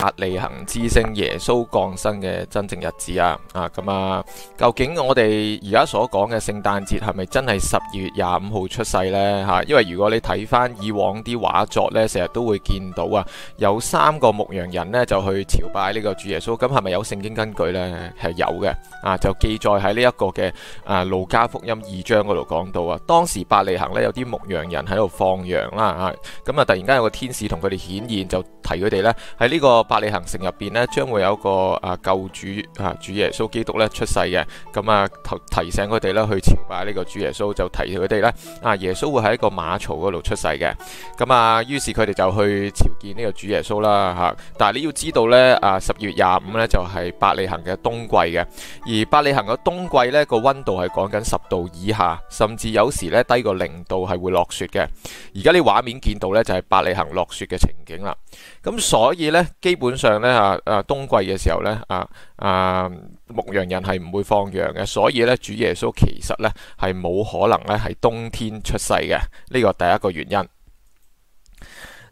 伯利恆之星，耶穌降生嘅真正日子啊！啊咁啊，究竟我哋而家所講嘅聖誕節係咪真係十二月廿五號出世呢？吓、啊，因為如果你睇翻以往啲畫作呢，成日都會見到啊，有三個牧羊人呢就去朝拜呢個主耶穌，咁係咪有聖經根據呢？係有嘅，啊就記載喺呢一個嘅啊路加福音二章嗰度講到啊，當時伯利恆呢，有啲牧羊人喺度放羊啦，啊咁啊、嗯、突然間有個天使同佢哋顯現，就提佢哋呢喺呢、這個。伯利恆城入邊呢，將會有一個啊救主啊主耶穌基督咧出世嘅，咁啊提提醒佢哋咧去朝拜呢個主耶穌，就提醒佢哋咧啊耶穌會喺一個馬槽嗰度出世嘅，咁啊，於是佢哋就去朝見呢個主耶穌啦吓、啊。但係你要知道咧啊，十二月廿五咧就係、是、伯利恆嘅冬季嘅，而伯利恆嘅冬季咧個溫度係講緊十度以下，甚至有時咧低過零度係會落雪嘅。而家啲畫面見到咧就係伯利恆落雪嘅情景啦，咁、啊、所以咧基。基本上咧啊啊，冬季嘅時候咧啊啊，牧羊人係唔會放羊嘅，所以咧主耶穌其實咧係冇可能咧係冬天出世嘅，呢個第一個原因。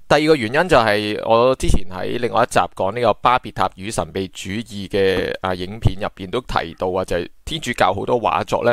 第二個原因就係我之前喺另外一集講呢個巴別塔與神秘主義嘅啊影片入邊都提到，啊，就係天主教好多畫作咧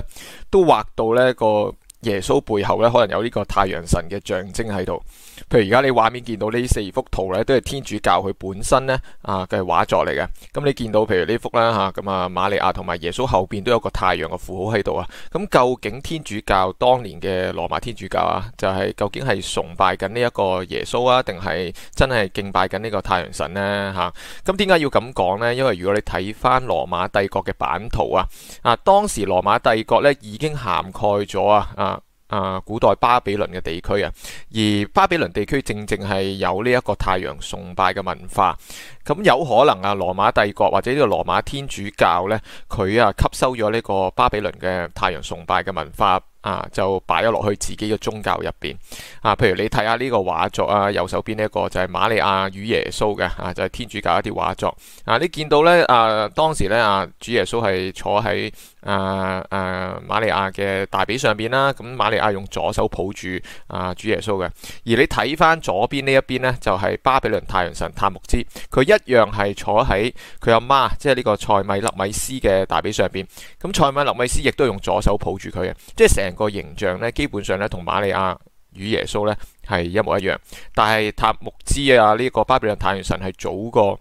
都畫到呢個耶穌背後咧可能有呢個太陽神嘅象徵喺度。譬如而家你畫面見到呢四幅圖咧，都係天主教佢本身咧啊嘅畫作嚟嘅。咁你見到譬如呢幅啦嚇，咁啊馬利亞同埋耶穌後邊都有個太陽嘅符號喺度啊。咁究竟天主教當年嘅羅馬天主教啊，就係究竟係崇拜緊呢一個耶穌啊，定係真係敬拜緊呢個太陽神呢嚇？咁點解要咁講呢？因為如果你睇翻羅馬帝國嘅版圖啊，啊當時羅馬帝國咧已經涵蓋咗啊啊。啊，古代巴比倫嘅地區啊，而巴比倫地區正正係有呢一個太陽崇拜嘅文化，咁有可能啊，羅馬帝國或者呢個羅馬天主教呢，佢啊吸收咗呢個巴比倫嘅太陽崇拜嘅文化啊，就擺咗落去自己嘅宗教入邊啊。譬如你睇下呢個畫作啊，右手邊呢一個就係瑪利亞與耶穌嘅啊，就係天主教一啲畫作啊。你見到呢，啊，當時呢，啊，主耶穌係坐喺。啊啊！瑪利亞嘅大髀上邊啦，咁瑪利亞用左手抱住啊主耶穌嘅。而你睇翻左邊呢一邊呢，就係巴比倫太陽神塔木茲，佢一樣係坐喺佢阿媽，即係呢個塞米納米斯嘅大髀上邊。咁塞米納米斯亦都用左手抱住佢嘅，即係成個形象呢，基本上呢，同瑪利亞與耶穌呢係一模一樣。但係塔木茲啊，呢個巴比倫太陽神係早過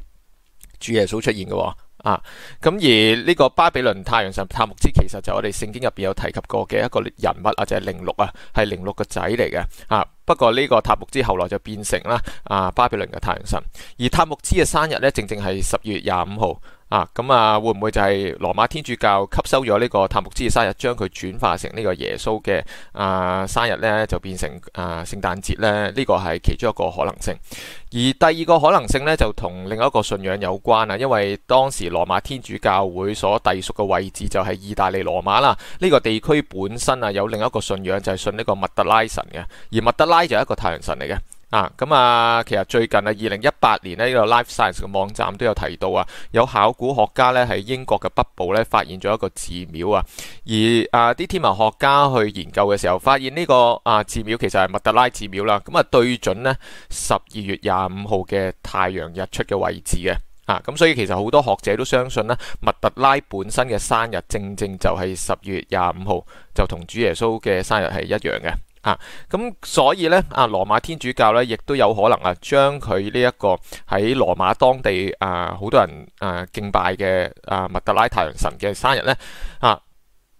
主耶穌出現嘅喎。啊，咁而呢個巴比倫太陽神塔木茲其實就我哋聖經入邊有提及過嘅一個人物啊，就係、是、零六啊，係零六個仔嚟嘅啊。不過呢個塔木茲後來就變成啦啊巴比倫嘅太陽神，而塔木茲嘅生日呢，正正係十二月廿五號。啊，咁啊，會唔會就係羅馬天主教吸收咗呢個塔木茲嘅生日，將佢轉化成呢個耶穌嘅啊生日呢？就變成啊、呃、聖誕節呢？呢、這個係其中一個可能性。而第二個可能性呢，就同另一個信仰有關啊，因為當時羅馬天主教會所隸屬嘅位置就係意大利羅馬啦。呢、這個地區本身啊有另一個信仰，就係、是、信呢個密特拉神嘅，而密特拉就係一個太陽神嚟嘅。啊，咁啊，其實最近啊，二零一八年咧，呢個 Life Science 嘅網站都有提到啊，有考古學家咧喺英國嘅北部咧發現咗一個寺廟啊，而啊啲天文學家去研究嘅時候，發現呢、這個啊寺廟其實係密特拉寺廟啦，咁啊對準呢十二月廿五號嘅太陽日出嘅位置嘅，啊，咁所以其實好多學者都相信咧、啊，密特拉本身嘅生日正正就係十二月廿五號，就同主耶穌嘅生日係一樣嘅。啊，咁所以呢，啊，羅馬天主教呢，亦都有可能啊，將佢呢一個喺羅馬當地啊，好多人啊敬拜嘅啊，密特拉太陽神嘅生日呢，啊，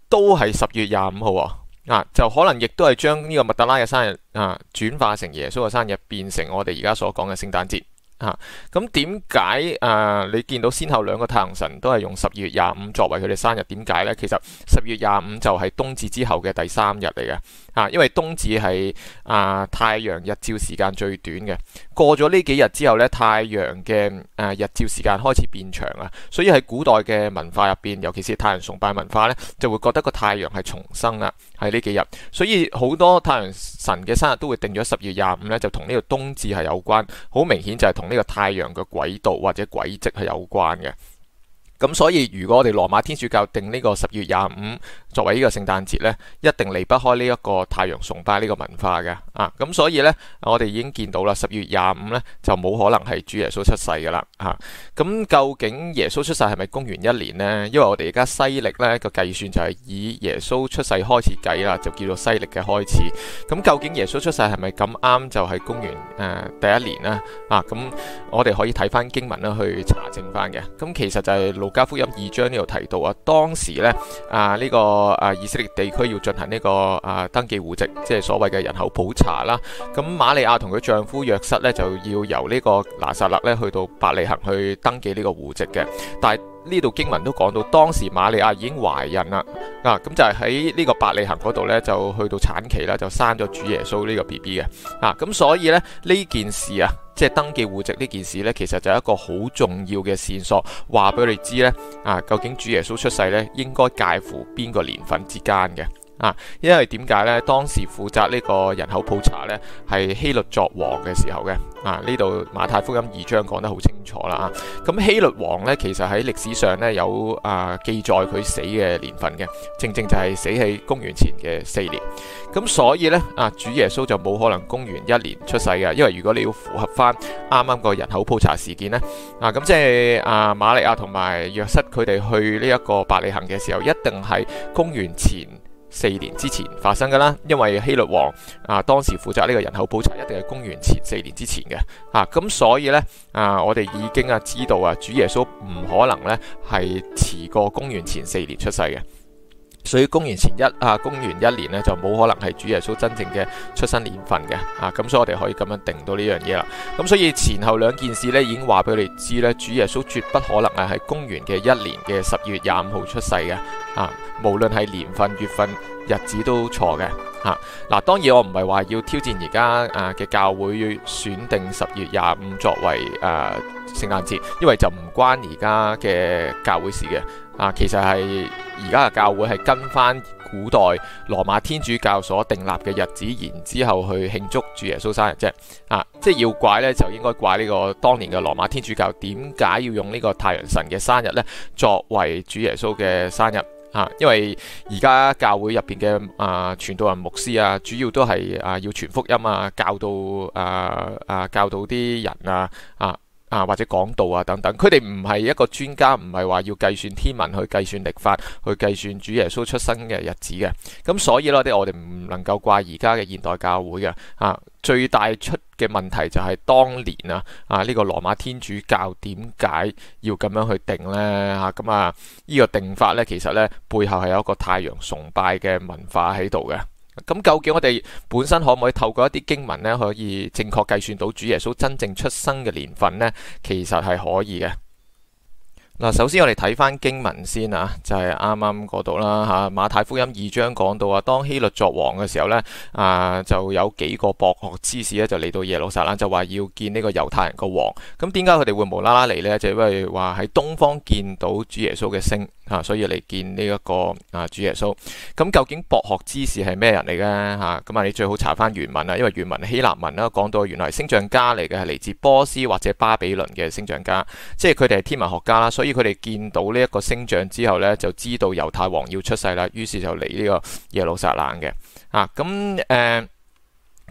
都係十月廿五號啊，就可能亦都係將呢個密特拉嘅生日啊，轉化成耶穌嘅生日，變成我哋而家所講嘅聖誕節。啊，咁點解誒？你見到先後兩個太陽神都係用十二月廿五作為佢哋生日？點解呢？其實十二月廿五就係冬至之後嘅第三日嚟嘅啊，因為冬至係啊、呃、太陽日照時間最短嘅，過咗呢幾日之後呢，太陽嘅誒日照時間開始變長啊，所以喺古代嘅文化入邊，尤其是太陽崇拜文化呢，就會覺得個太陽係重生啦。係呢幾日，所以好多太陽神嘅生日都會定咗十二月廿五咧，就同呢個冬至係有關。好明顯就係同呢個太陽嘅軌道或者軌跡係有關嘅。咁所以如果我哋羅馬天主教定呢個十二月廿五作為呢個聖誕節呢一定離不開呢一個太陽崇拜呢個文化嘅啊！咁所以呢，我哋已經見到啦，十二月廿五呢就冇可能係主耶穌出世噶啦嚇。咁、啊、究竟耶穌出世係咪公元一年呢？因為我哋而家西歷呢個計算就係以耶穌出世開始計啦，就叫做西歷嘅開始。咁究竟耶穌出世係咪咁啱就係公元誒、呃、第一年呢？啊！咁我哋可以睇翻經文啦去查證翻嘅。咁、啊、其實就係路加福音二章呢度提到啊，當時咧啊呢、這個。誒、啊，以色列地區要進行呢、這個誒、啊、登記戶籍，即係所謂嘅人口普查啦。咁瑪利亞同佢丈夫約瑟呢，就要由呢個拿撒勒咧去到伯利恆去登記呢個戶籍嘅。但係呢度經文都講到，當時瑪利亞已經懷孕啦。啊，咁就係喺呢個伯利恆嗰度呢，就去到產期啦，就生咗主耶穌呢個 B B 嘅。啊，咁所以呢，呢件事啊。即係登記戶籍呢件事呢，其實就係一個好重要嘅線索，話俾你知呢，啊，究竟主耶穌出世呢，應該介乎邊個年份之間嘅？啊，因為點解呢？當時負責呢個人口普查呢，係希律作王嘅時候嘅。啊，呢度馬太福音二章講得好清楚啦。啊，咁希律王呢，其實喺歷史上呢有啊記載佢死嘅年份嘅，正正就係死喺公元前嘅四年。咁所以呢，啊主耶穌就冇可能公元一年出世嘅，因為如果你要符合翻啱啱個人口普查事件呢，啊咁即係啊瑪利亞同埋約瑟佢哋去呢一個伯利恆嘅時候，一定係公元前四年之前發生㗎啦，因為希律王啊當時負責呢個人口普查，一定係公元前四年之前嘅，啊咁所以呢，啊我哋已經啊知道啊主耶穌唔可能呢係遲過公元前四年出世嘅。所以公元前一啊，公元一年呢，就冇可能係主耶穌真正嘅出生年份嘅啊，咁所以我哋可以咁樣定到呢樣嘢啦。咁所以前後兩件事呢，已經話俾我哋知咧，主耶穌絕不可能係公元嘅一年嘅十二月廿五號出世嘅啊，無論係年份、月份、日子都錯嘅吓。嗱、啊，當然我唔係話要挑戰而家啊嘅教會要選定十二月廿五作為誒聖誕節，因為就唔關而家嘅教會事嘅。啊，其實係而家嘅教會係跟翻古代羅馬天主教所定立嘅日子，然之後去慶祝主耶穌生日啫。啊，即係要怪呢，就應該怪呢個當年嘅羅馬天主教點解要用呢個太陽神嘅生日呢作為主耶穌嘅生日啊？因為而家教會入邊嘅啊傳道人牧師啊，主要都係啊、呃、要傳福音啊，教導啊啊教導啲人啊啊。啊，或者講道啊等等，佢哋唔係一個專家，唔係話要計算天文去計算曆法，去計算主耶穌出生嘅日子嘅。咁所以呢，我哋唔能夠怪而家嘅現代教會嘅啊。最大出嘅問題就係當年啊啊呢個羅馬天主教點解要咁樣去定呢？嚇咁啊，呢個定法呢，其實呢，背後係有一個太陽崇拜嘅文化喺度嘅。咁究竟我哋本身可唔可以透過一啲經文咧，可以正確計算到主耶穌真正出生嘅年份咧？其實係可以嘅。嗱，首先我哋睇翻經文先啊，就係啱啱嗰度啦嚇，《馬太福音》二章講到啊，當希律作王嘅時候咧，啊就有幾個博學之士咧就嚟到耶路撒冷，就話要見呢個猶太人個王。咁點解佢哋會無啦啦嚟咧？就因為話喺東方見到主耶穌嘅星，嚇，所以嚟見呢一個啊主耶穌。咁究竟博學之士係咩人嚟嘅嚇，咁啊你最好查翻原文啊，因為原文希臘文啦，講到原來係星象家嚟嘅，係嚟自波斯或者巴比倫嘅星象家，即係佢哋係天文學家啦，所以。佢哋見到呢一個星象之後呢，就知道猶太王要出世啦。於是就嚟呢個耶路撒冷嘅啊。咁誒。呃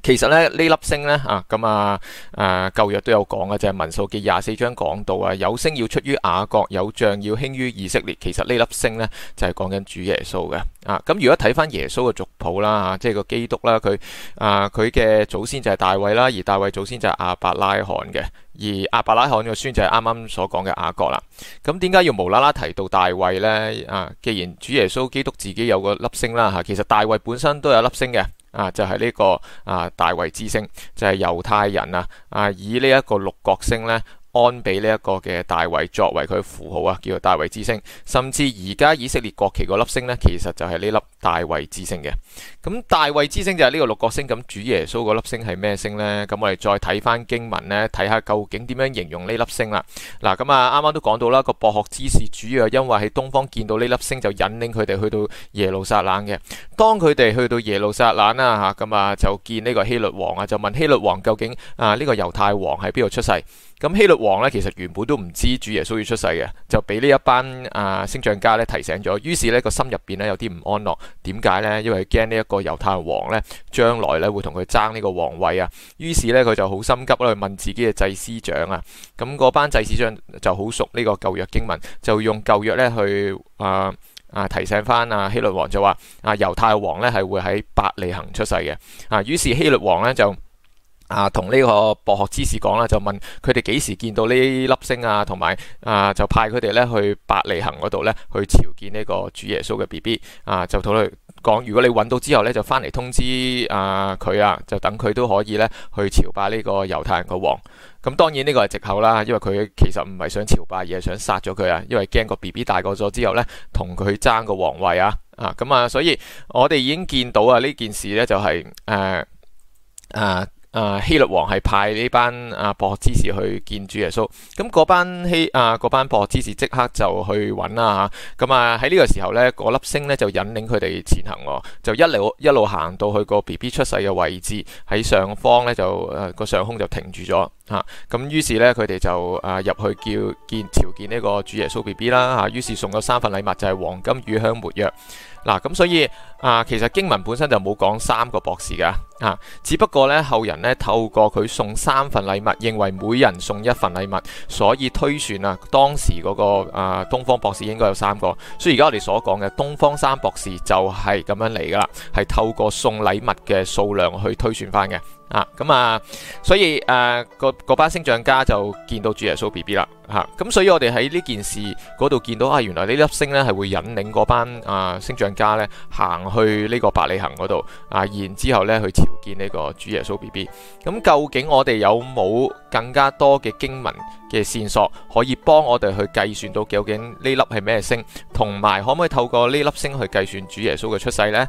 其實咧，呢粒星咧啊，咁，啊誒，舊約都有講嘅，就係民數記廿四章講到啊，有星要出於雅各，有杖要興於以色列。其實呢粒星咧就係講緊主耶穌嘅啊。咁如果睇翻耶穌嘅族譜啦吓，即係個基督啦，佢啊佢嘅祖先就係大衛啦，而大衛祖先就係亞伯拉罕嘅，而亞伯拉罕個孫就係啱啱所講嘅雅各啦。咁點解要無啦啦提到大衛咧？啊，既然主耶穌基督自己有個粒星啦吓，其實大衛本身都有粒星嘅。啊，就係呢個啊大衛之星，就係猶太人啊啊，以呢一個六角星咧。安俾呢一個嘅大衛作為佢符號啊，叫做大衛之星。甚至而家以色列國旗個粒星呢，其實就係呢粒大衛之星嘅。咁大衛之星就係呢個六角星。咁主耶穌個粒星係咩星呢？咁我哋再睇翻經文呢，睇下究竟點樣形容呢粒星啦。嗱，咁啊，啱啱都講到啦，個博學之士主要係因為喺東方見到呢粒星，就引領佢哋去到耶路撒冷嘅。當佢哋去到耶路撒冷啦，吓咁啊，就見呢個希律王啊，就問希律王究竟啊呢個猶太王喺邊度出世？咁希律王咧，其實原本都唔知主耶穌要出世嘅，就俾呢一班啊星象家咧提醒咗，於是咧個心入邊咧有啲唔安樂，點解咧？因為佢驚呢一個猶太王咧將來咧會同佢爭呢個皇位啊，於是咧佢就好心急啦，去問自己嘅祭司長啊，咁嗰班祭司長就好熟呢個舊約經文，就用舊約咧去啊啊提醒翻啊希律王就話啊猶太王咧係會喺伯利恆出世嘅啊，於是希律王咧就。啊，同呢個博學之士講啦，就問佢哋幾時見到呢粒星啊，同埋啊，就派佢哋咧去伯利恆嗰度咧去朝見呢個主耶穌嘅 B B 啊，就同佢講：如果你揾到之後咧，就翻嚟通知啊佢啊，就等佢都可以咧去朝拜呢個猶太人嘅王。咁、啊、當然呢個係藉口啦，因為佢其實唔係想朝拜，而係想殺咗佢啊，因為驚個 B B 大個咗之後咧同佢爭個皇位啊啊咁啊。所以我哋已經見到啊呢件事咧就係、是、誒啊。啊啊啊希律王係派呢班啊博學之士去見主耶穌，咁、嗯、嗰班希啊班博學之士即刻就去揾啦吓，咁啊喺呢、啊、個時候、那個、呢，嗰粒星呢就引領佢哋前行喎，就一路一路行到去個 B B 出世嘅位置喺上方呢，就誒個、啊、上空就停住咗吓，咁、啊、於是呢，佢哋就啊入去叫見朝見呢個主耶穌 B B 啦吓，於是送咗三份禮物就係、是、黃金、乳香、沒藥。嗱，咁所以啊，其實經文本身就冇講三個博士㗎，啊，只不過呢後人呢透過佢送三份禮物，認為每人送一份禮物，所以推算啊，當時嗰個啊東方博士應該有三個，所以而家我哋所講嘅東方三博士就係咁樣嚟㗎啦，係透過送禮物嘅數量去推算返嘅。啊，咁啊，所以誒，嗰、啊、班星象家就見到主耶穌 B B 啦，嚇、啊！咁所以我哋喺呢件事嗰度見到啊，原來呢粒星呢係會引領嗰班啊星象家呢行去呢個伯利恆嗰度啊，然之後呢去朝見呢個主耶穌 B B。咁、啊、究竟我哋有冇更加多嘅經文嘅線索，可以幫我哋去計算到究竟呢粒係咩星，同埋可唔可以透過呢粒星去計算主耶穌嘅出世呢？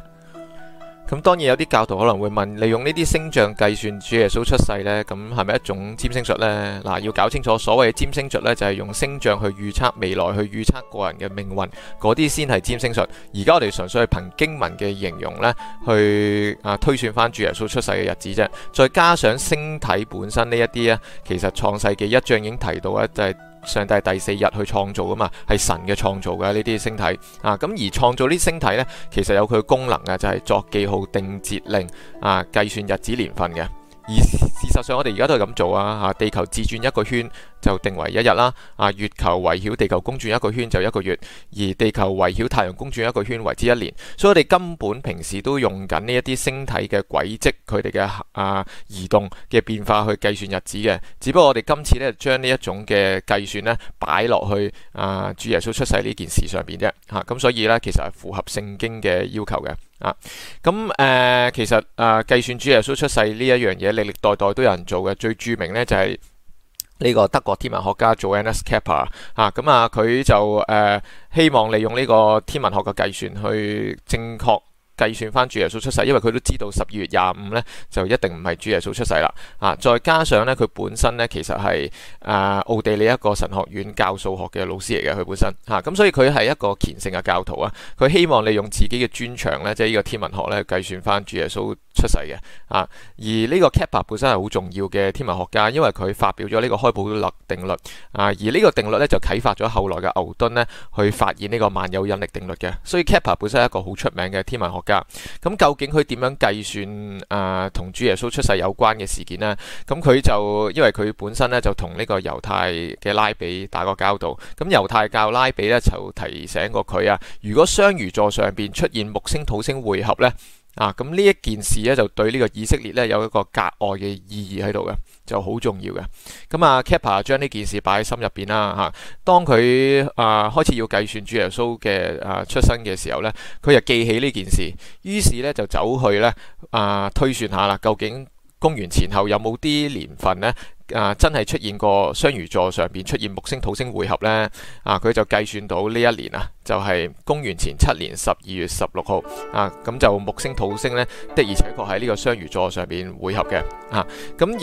咁當然有啲教徒可能會問，利用呢啲星象計算主耶穌出世呢？咁係咪一種占星術呢？嗱，要搞清楚所謂嘅占星術呢，就係用星象去預測未來，去預測個人嘅命運，嗰啲先係占星術。而家我哋純粹係憑經文嘅形容呢，去啊推算翻主耶穌出世嘅日子啫。再加上星體本身呢一啲啊，其實創世記一章已經提到咧，就係上帝係第四日去創造噶嘛，係神嘅創造噶呢啲星體啊！咁而創造呢啲星體呢，其實有佢功能嘅，就係作記號、定節令、啊計算日子年份嘅。而事實上，我哋而家都係咁做啊！吓，地球自轉一個圈就定為一日啦。啊，月球圍繞地球公轉一個圈就一個月，而地球圍繞太陽公轉一個圈為之一年。所以我哋根本平時都用緊呢一啲星體嘅軌跡，佢哋嘅啊移動嘅變化去計算日子嘅。只不過我哋今次咧將呢一種嘅計算咧擺落去啊主耶穌出世呢件事上邊啫。吓、啊，咁所以咧其實係符合聖經嘅要求嘅。啊，咁誒、呃，其實誒，計、呃、算主耶穌出世呢一樣嘢，歷歷代代都有人做嘅，最著名咧就係呢個德國天文學家做 Johannes Kepler 啊，咁啊，佢就誒希望利用呢個天文學嘅計算去正確。計算翻主耶穌出世，因為佢都知道十二月廿五咧就一定唔係主耶穌出世啦。啊，再加上咧佢本身咧其實係啊奧地利一個神學院教數學嘅老師嚟嘅，佢本身嚇咁，所以佢係一個虔誠嘅教徒啊。佢希望利用自己嘅專長咧，即係呢個天文學咧計算翻主耶穌出世嘅啊。而呢個 Kepler 本身係好重要嘅天文學家，因為佢發表咗呢個開普勒定律啊。而個呢個定律咧就啟發咗後來嘅牛頓咧去發現呢個萬有引力定律嘅。所以 Kepler 本身係一個好出名嘅天文學。咁究竟佢點樣計算啊同、呃、主耶穌出世有關嘅事件呢？咁佢就因為佢本身呢，就同呢個猶太嘅拉比打過交道，咁猶太教拉比呢，就提醒過佢啊，「如果雙魚座上邊出現木星土星會合呢。」啊，咁呢一件事咧就對呢個以色列咧有一個格外嘅意義喺度嘅，就好重要嘅。咁啊 Kepler 將呢件事擺喺心入邊啦，吓、啊。當佢啊開始要計算主耶穌嘅啊出生嘅時候咧，佢就記起呢件事，於是咧就走去咧啊推算下啦，究竟公元前後有冇啲年份咧？啊！真係出現過雙魚座上邊出現木星土星會合呢？啊！佢就計算到呢一年啊，就係公元前七年十二月十六號啊，咁就木星土星呢，的而且確喺呢個雙魚座上邊會合嘅啊！咁而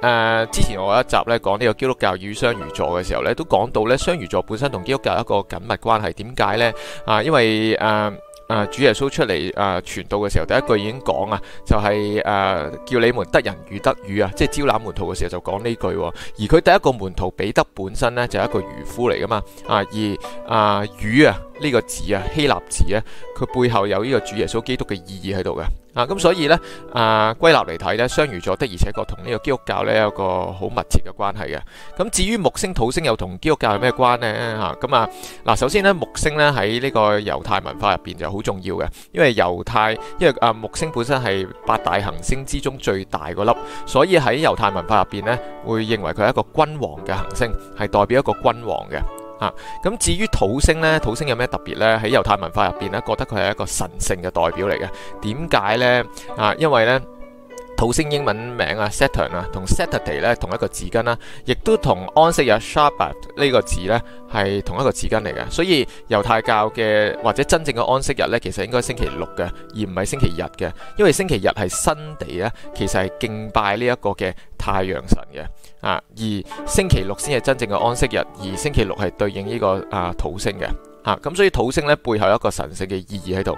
誒、啊、之前我一集呢講呢個基督教與雙魚座嘅時候呢，都講到呢雙魚座本身同基督教一個緊密關係，點解呢？啊？因為誒。啊誒、呃，主耶穌出嚟誒傳道嘅時候，第一句已經講啊，就係、是、誒、呃、叫你們得人如得魚啊，即係招攬門徒嘅時候就講呢句，而佢第一個門徒彼得本身呢，就係、是、一個漁夫嚟㗎嘛，啊而啊、呃、魚啊。呢個字啊，希臘字咧，佢背後有呢個主耶穌基督嘅意義喺度嘅啊，咁所以咧啊，歸納嚟睇咧，雙魚座的而且確同呢個基督教咧有個好密切嘅關係嘅。咁至於木星、土星又同基督教有咩關係咧？嚇咁啊，嗱，首先咧，木星咧喺呢個猶太文化入邊就好重要嘅，因為猶太因為啊，木星本身係八大行星之中最大個粒，所以喺猶太文化入邊咧會認為佢係一個君王嘅行星，係代表一個君王嘅。啊，咁至於土星呢？土星有咩特別呢？喺猶太文化入邊呢，覺得佢係一個神性嘅代表嚟嘅。點解呢？啊，因為呢。土星英文名啊，Saturn 啊，同 Saturday 咧，同一個字根啦，亦都同安息日 Shabbat 呢個字咧係同一個字根嚟嘅。所以猶太教嘅或者真正嘅安息日咧，其實應該星期六嘅，而唔係星期日嘅，因為星期日係新地咧，其實係敬拜呢一個嘅太陽神嘅啊，而星期六先係真正嘅安息日，而星期六係對應呢、這個啊土星嘅。啊，咁所以土星咧背後有一個神聖嘅意義喺度，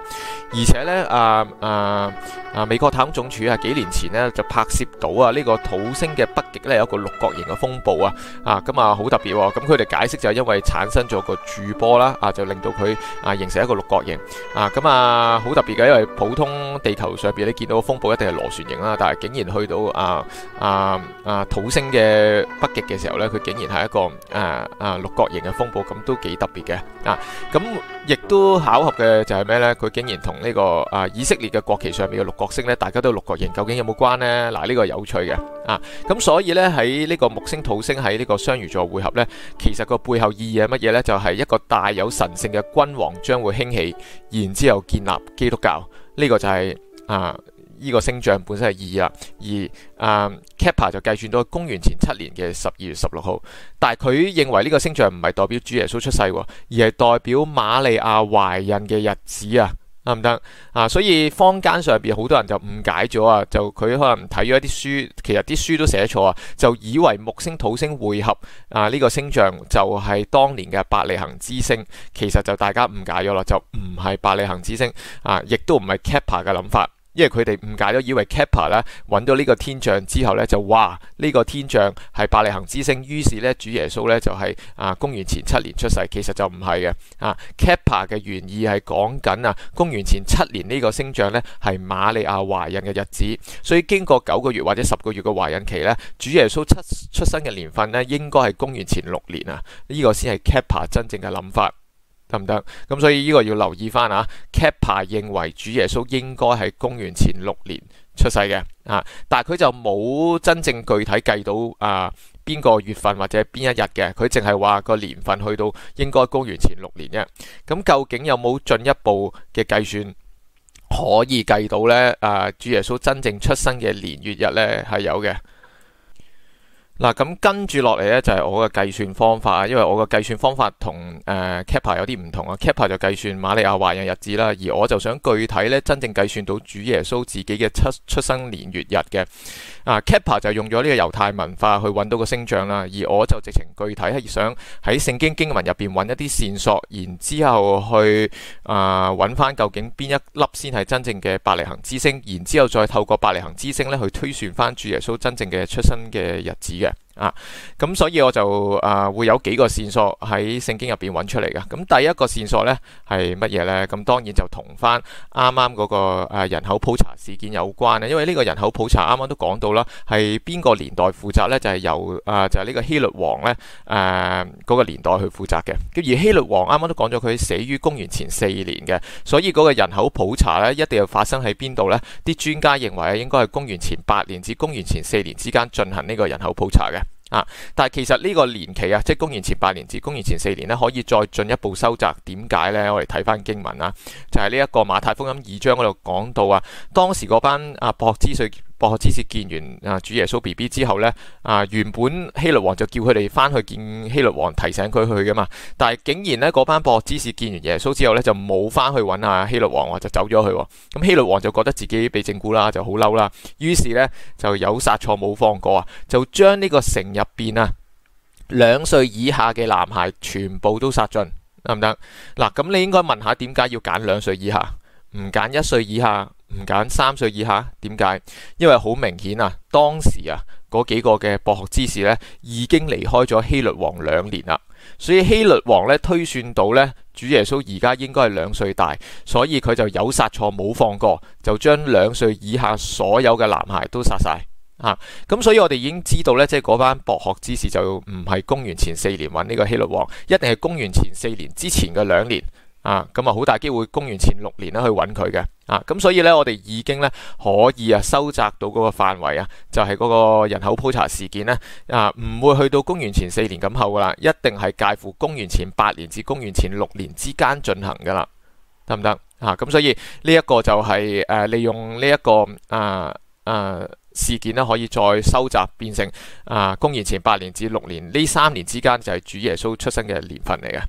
而且咧啊啊啊美國太空總署啊幾年前呢，就拍攝到啊呢個土星嘅北極咧有一個六角形嘅風暴啊，啊咁啊好特別，咁佢哋解釋就係因為產生咗個駐波啦，啊就令到佢啊形成一個六角形，啊咁啊好特別嘅，因為普通地球上邊你見到風暴一定係螺旋形啦，但係竟然去到啊啊啊土星嘅北極嘅時候咧，佢竟然係一個誒啊六角形嘅風暴，咁都幾特別嘅啊。咁亦都巧合嘅就係咩呢？佢竟然同呢、這個啊以色列嘅國旗上面嘅六角星呢，大家都六角形，究竟有冇關呢？嗱、啊，呢、這個有趣嘅啊！咁所以呢，喺呢個木星土星喺呢個雙魚座會合呢，其實個背後意義係乜嘢呢？就係、是、一個帶有神聖嘅君王將會興起，然之後建立基督教。呢、這個就係、是、啊。呢個星象本身係二啊，而啊開普勒就計算到公元前七年嘅十二月十六號，但係佢認為呢個星象唔係代表主耶穌出世、啊，而係代表瑪利亞懷孕嘅日子啊，啱唔得啊？所以坊間上邊好多人就誤解咗啊，就佢可能睇咗一啲書，其實啲書都寫錯啊，就以為木星土星匯合啊，呢、這個星象就係當年嘅伯利恆之星，其實就大家誤解咗啦，就唔係伯利恆之星啊，亦都唔係開普勒嘅諗法。因為佢哋誤解咗，以為 Kepler 揾到呢個天象之後呢，就話呢、這個天象係伯利恆之星，於是呢，主耶穌呢，就係、是、啊公元前七年出世，其實就唔係嘅啊 Kepler 嘅原意係講緊啊公元前七年呢個星象呢，係馬利亞懷孕嘅日子，所以經過九個月或者十個月嘅懷孕期呢，主耶穌七出生嘅年份呢，應該係公元前六年啊，呢、這個先係 Kepler 真正嘅諗法。得唔得？咁所以呢個要留意翻啊。Kepler 認為主耶穌應該係公元前六年出世嘅啊，但係佢就冇真正具體計到啊邊、呃、個月份或者邊一日嘅，佢淨係話個年份去到應該公元前六年啫。咁究竟有冇進一步嘅計算可以計到呢？啊、呃，主耶穌真正出生嘅年月日呢係有嘅。嗱，咁、啊、跟住落嚟咧，就係我嘅計算方法啊。因為我嘅計算方法、呃、同誒 Kepler 有啲唔同啊。Kepler 就計算瑪利亞懷孕日子啦，而我就想具體咧真正計算到主耶穌自己嘅出出生年月日嘅。啊，Kepler 就用咗呢個猶太文化去揾到個星象啦，而我就直情具體係想喺聖經經文入邊揾一啲線索，然之後去啊揾翻究竟邊一粒先係真正嘅伯利恆之星，然之後再透過伯利恆之星咧去推算翻主耶穌真正嘅出生嘅日子。啊，咁所以我就啊、呃、會有幾個線索喺聖經入邊揾出嚟嘅。咁第一個線索呢係乜嘢呢？咁當然就同返啱啱嗰個誒人口普查事件有關嘅。因為呢個人口普查啱啱都講到啦，係邊個年代負責呢？就係、是、由誒、呃、就係、是、呢個希律王呢誒嗰、呃那個年代去負責嘅。而希律王啱啱都講咗佢死於公元前四年嘅，所以嗰個人口普查呢，一定要發生喺邊度呢？啲專家認為啊，應該係公元前八年至公元前四年之間進行呢個人口普查嘅。啊！但係其實呢個年期啊，即係公元前八年至公元前四年呢，可以再進一步收窄。點解呢？我哋睇翻經文啊，就係呢一個馬太福音二章嗰度講到啊，當時嗰班啊博學之士。博學之士見完啊主耶穌 B B 之後呢，啊原本希律王就叫佢哋翻去見希律王提醒佢去噶嘛，但係竟然呢，嗰班博學之士見完耶穌之後呢，就冇翻去揾下、啊、希律王話就走咗去了，咁、啊、希律王就覺得自己被整蠱啦，就好嬲啦，於是呢，就有殺錯冇放過啊，就將呢個城入邊啊兩歲以下嘅男孩全部都殺盡，得唔得？嗱咁你應該問下點解要揀兩歲以下，唔揀一歲以下？唔揀三歲以下，點解？因為好明顯啊，當時啊嗰幾個嘅博學之士呢已經離開咗希律王兩年啦，所以希律王呢推算到呢，主耶穌而家應該係兩歲大，所以佢就有殺錯冇放過，就將兩歲以下所有嘅男孩都殺晒啊！咁所以我哋已經知道呢，即係嗰班博學之士就唔係公元前四年揾呢個希律王，一定係公元前四年之前嘅兩年。啊，咁啊好大機會公元前六年啦去揾佢嘅，啊咁所以呢，我哋已經咧可以啊收集到嗰個範圍啊，就係、是、嗰個人口普查事件呢啊唔、啊、會去到公元前四年咁後噶啦，一定係介乎公元前八年至公元前六年之間進行噶啦，得唔得啊？咁所以呢一個就係誒利用呢、這、一個啊啊事件咧，可以再收集變成啊公元前八年至六年呢三年之間就係主耶穌出生嘅年份嚟嘅。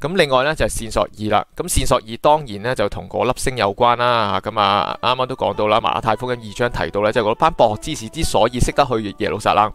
咁另外呢，就係線索二啦，咁線索二當然呢，就同嗰粒星有關啦，咁啊啱啱都講到啦，馬太福音二章提到呢，即係嗰班博學之士之所以識得去耶路撒冷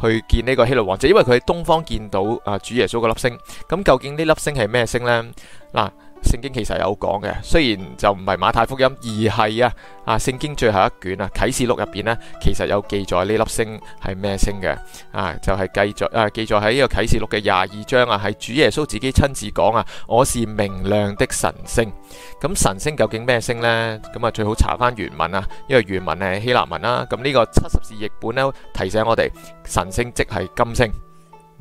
去見呢個希律王者，就因為佢喺東方見到啊主耶穌個粒星。咁究竟呢粒星係咩星呢？嗱，聖經其實有講嘅，雖然就唔係馬太福音，而係啊啊聖經最後一卷啊《啟示錄》入邊咧，其實有記載呢粒星係咩星嘅啊，就係記載啊記載喺呢個《啟示錄》嘅廿二章啊，係主耶穌自己親自講啊，我是明亮的晨星。咁晨星究竟咩星咧？咁啊最好查翻原文啊，因為原文係希臘文啦。咁呢個七十士譯本咧，提醒我哋晨星即係金星，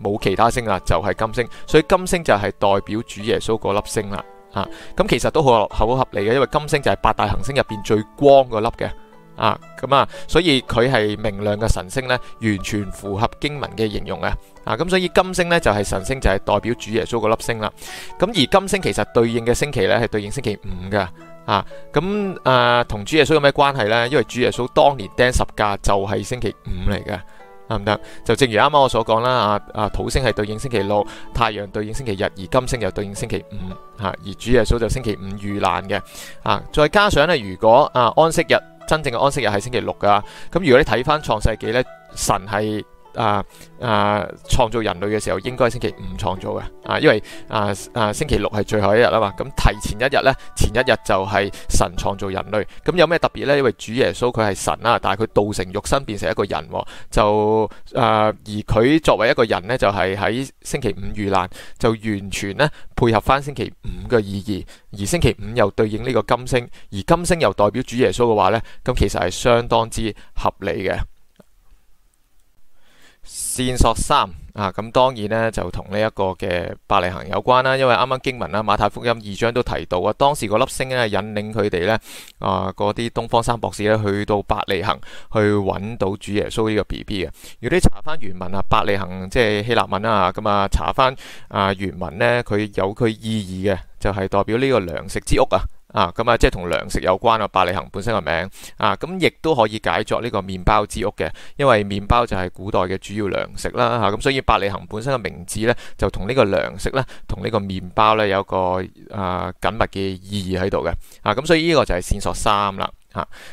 冇其他星啊，就係金星。所以金星就係代表主耶穌嗰粒星啦。啊，咁其實都好合好合理嘅，因為金星就係八大行星入邊最光個粒嘅。啊，咁啊，所以佢係明亮嘅神星咧，完全符合經文嘅形容嘅。啊，咁所以金星咧就係神星，就係代表主耶穌個粒星啦，咁而金星其實對應嘅星期咧係對應星期五嘅。啊，咁啊，同主耶穌有咩關係咧？因為主耶穌當年釘十架就係星期五嚟嘅。得唔得？就正如啱啱我所講啦，啊啊土星係對應星期六，太陽對應星期日，而金星又對應星期五，吓、啊、而主耶穌就星期五遇難嘅啊。再加上咧，如果啊安息日真正嘅安息日係星期六㗎，咁如果你睇返創世記咧，神係。啊啊！創造人類嘅時候應該係星期五創造嘅，啊，因為啊啊星期六係最後一日啦嘛，咁提前一日咧，前一日就係神創造人類。咁有咩特別呢？因為主耶穌佢係神啦，但係佢道成肉身變成一個人，就啊，而佢作為一個人呢，就係喺星期五遇難，就完全咧配合翻星期五嘅意義。而星期五又對應呢個金星，而金星又代表主耶穌嘅話呢，咁其實係相當之合理嘅。線索三啊，咁當然咧就同呢一個嘅伯利恆有關啦，因為啱啱經文啦，馬太福音二章都提到啊，當時個粒星咧引領佢哋咧啊，嗰啲東方三博士咧去到伯利恆，去揾到主耶穌呢個 B B 嘅。如果你查翻原文，伯利恆啊，伯利恆即係希臘文啦啊，咁啊查翻啊原文咧，佢有佢意義嘅，就係、是、代表呢個糧食之屋啊。啊，咁啊，即係同糧食有關啊，伯利恆本身個名啊，咁亦都可以解作呢個麵包之屋嘅，因為麵包就係古代嘅主要糧食啦嚇，咁、啊、所以伯利恆本身嘅名字呢，就同呢個糧食呢，同呢個麵包呢有個啊緊密嘅意義喺度嘅，啊咁所以呢個就係線索三啦。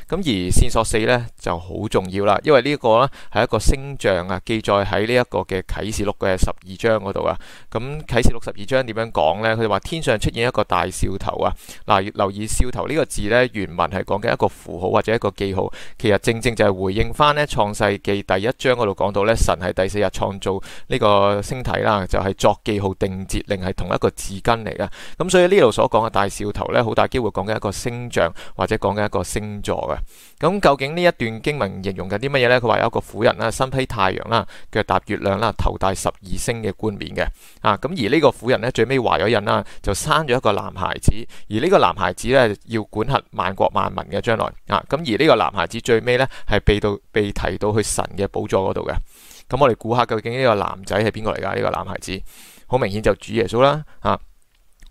咁而線索四咧就好重要啦，因為呢一個咧係一個星象啊，記載喺呢一個嘅啟示錄嘅十二章嗰度啊。咁、嗯、啟示錄十二章點樣講呢？佢哋話天上出現一個大兆頭啊。嗱，留意兆頭呢個字呢，原文係講緊一個符號或者一個記號，其實正正就係回應翻呢創世記第一章嗰度講到呢，神係第四日創造呢個星體啦、啊，就係、是、作記號定節令，係同一個字根嚟嘅。咁、啊、所以呢度所講嘅大兆頭呢，好大機會講緊一個星象或者講緊一個星。幫助嘅。咁，究竟呢一段經文形容緊啲乜嘢呢？佢話有一個婦人啦，身披太陽啦，腳踏月亮啦，頭戴十二星嘅冠冕嘅啊！咁而呢個婦人呢，最尾懷咗孕啦，就生咗一個男孩子，而呢個男孩子呢，要管轄萬國萬民嘅將來啊！咁而呢個男孩子最尾呢，係被到被提到去神嘅寶座嗰度嘅。咁、啊、我哋估下究竟呢個男仔係邊個嚟噶？呢個男孩子好、這個、明顯就主耶穌啦啊！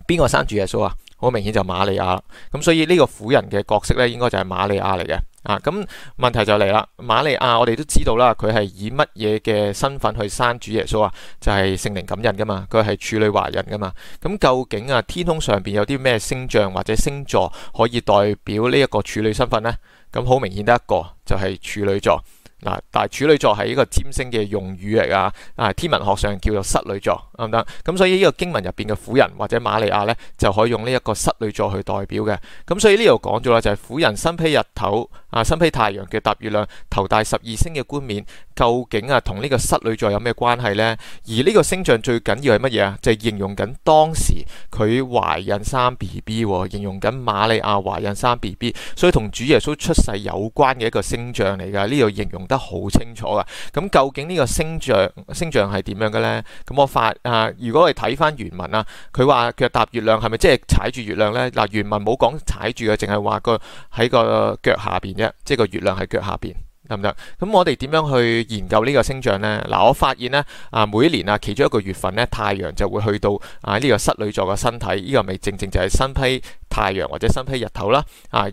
邊個生主耶穌啊？好明顯就瑪利亞啦，咁所以呢個婦人嘅角色咧，應該就係瑪利亞嚟嘅，啊，咁問題就嚟啦，瑪利亞我哋都知道啦，佢係以乜嘢嘅身份去生主耶穌啊？就係聖靈感人噶嘛，佢係處女懷孕噶嘛，咁究竟啊天空上邊有啲咩星象或者星座可以代表呢一個處女身份呢？咁好明顯得一個就係、是、處女座。嗱、啊，但係處女座係一個占星嘅用語嚟㗎啊，啊，天文學上叫做室女座啱唔得？咁所以呢個經文入邊嘅婦人或者瑪利亞呢，就可以用呢一個室女座去代表嘅。咁所以呢度講咗啦，就係婦人身披日頭。啊身披太陽嘅踏月亮，頭戴十二星嘅冠冕，究竟啊同呢個室女座有咩關係呢？而呢個星象最緊要係乜嘢啊？就係形容緊當時佢懷孕生 B B，形容緊瑪利亞懷孕生 B B，所以同主耶穌出世有關嘅一個星象嚟㗎。呢度形容得好清楚㗎。咁啊究竟呢個星象星象係點樣嘅呢？咁我發啊，如果我睇翻原文啦，佢話腳踏月亮係咪即係踩住月亮呢？嗱，啊，原文冇講踩住嘅，淨係話個喺個腳下邊。即係個月亮喺腳下邊，得唔得？咁我哋點樣去研究呢個星象呢？嗱，我發現呢，啊，每年啊，其中一個月份呢，太陽就會去到啊呢個室女座嘅身體，呢、這個咪正正就係身胚。太陽或者身披日頭啦，啊而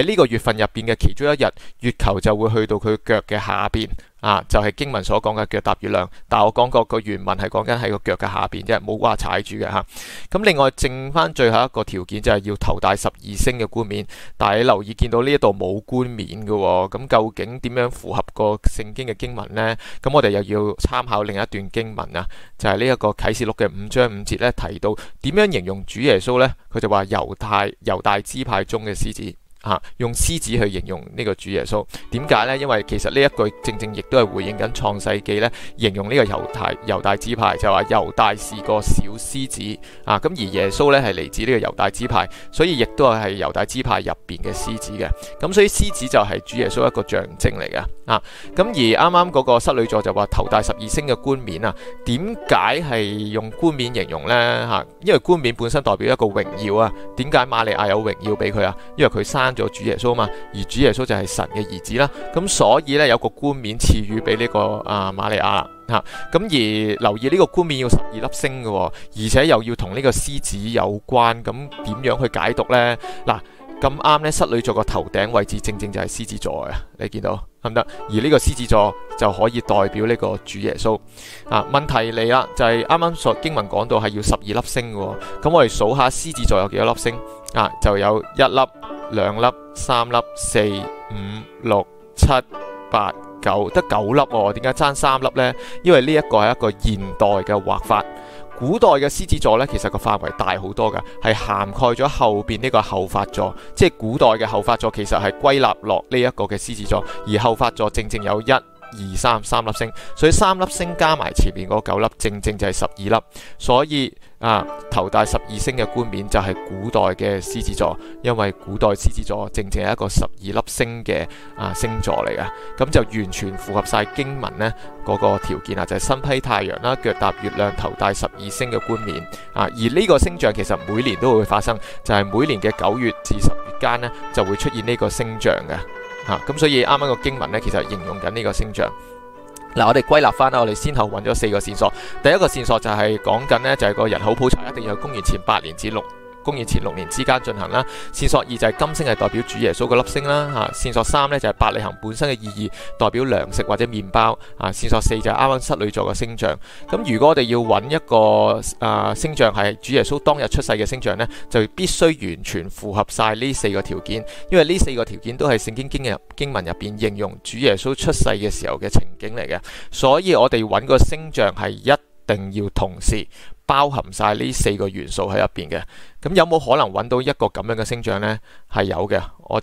喺呢個月份入邊嘅其中一日，月球就會去到佢腳嘅下邊，啊就係、是、經文所講嘅腳踏月亮。但係我講過個原文係講緊喺個腳嘅下邊啫，冇話踩住嘅嚇。咁、啊、另外剩翻最後一個條件就係、是、要頭戴十二星嘅冠冕，但係你留意見到呢一度冇冠冕嘅喎。咁究竟點樣符合個聖經嘅經文呢？咁我哋又要參考另一段經文啊，就係呢一個啟示錄嘅五章五節咧，提到點樣形容主耶穌呢？佢就話由……」猶大支派中嘅獅子。啊！用獅子去形容呢個主耶穌，點解呢？因為其實呢一句正正亦都係回應緊創世記咧，形容呢個猶太猶大支派就話，是、猶大是個小獅子啊！咁而耶穌呢，係嚟自呢個猶大支派，所以亦都係係猶大支派入邊嘅獅子嘅。咁、啊、所以獅子就係主耶穌一個象徵嚟嘅啊！咁而啱啱嗰個室女座就話頭戴十二星嘅冠冕啊，點解係用冠冕形容呢？嚇、啊，因為冠冕本身代表一個榮耀啊，點解瑪利亞有榮耀俾佢啊？因為佢生。做主耶穌嘛，而主耶穌就係神嘅兒子啦，咁所以呢，有個冠冕賜予俾呢、這個啊瑪利亞啦吓，咁、啊、而留意呢個冠冕要十二粒星嘅，而且又要同呢個獅子有關，咁點樣去解讀呢？嗱、啊，咁啱呢，室女座個頭頂位置正正就係獅子座啊，你見到。得，而呢個獅子座就可以代表呢個主耶穌啊？問題嚟啦，就係啱啱説經文講到係要十二粒星嘅喎，咁我哋數下獅子座有幾多粒星啊？就有一粒、兩粒、三粒、四、五、六、七、八、九，得九粒喎？點解差三粒呢？因為呢一個係一個現代嘅畫法。古代嘅獅子座呢，其實個範圍大好多㗎，係涵蓋咗後面呢個後髮座，即係古代嘅後髮座，其實係歸納落呢一個嘅獅子座，而後髮座正正有一二三三粒星，所以三粒星加埋前面嗰九粒，正正就係十二粒，所以。啊！頭戴十二星嘅冠冕就係古代嘅獅子座，因為古代獅子座正正係一個十二粒星嘅啊星座嚟噶，咁就完全符合晒經文呢嗰、嗰個條件，就係、啊，就係身披太陽啦，腳踏月亮，頭戴十二星嘅冠冕啊，而呢個星象其實每年都會發生，就係、係、每年嘅九月至十月間呢就會出現呢個星象嘅，吓、啊、咁所以啱啱個經文呢，其實形容緊呢個星象。嗱，我哋歸納翻啦，我哋先後揾咗四個線索。第一個線索就係講緊呢，就係個人口普查一定要喺公元前八年至六公元前六年之間進行啦。線索二就係金星係代表主耶穌個粒星啦。嚇，線索三呢就係伯利恆本身嘅意義，代表糧食或者麵包。啊，線索四就係啱啱室女座個星象。咁如果我哋要揾一個啊、呃、星象係主耶穌當日出世嘅星象呢，就必須完全符合晒呢四個條件。因為呢四個條件都係聖經經入經文入邊形容主耶穌出世嘅時候嘅情景嚟嘅，所以我哋揾個星象係一。定要同時包含晒呢四個元素喺入邊嘅，咁有冇可能揾到一個咁樣嘅星象咧？係有嘅，我。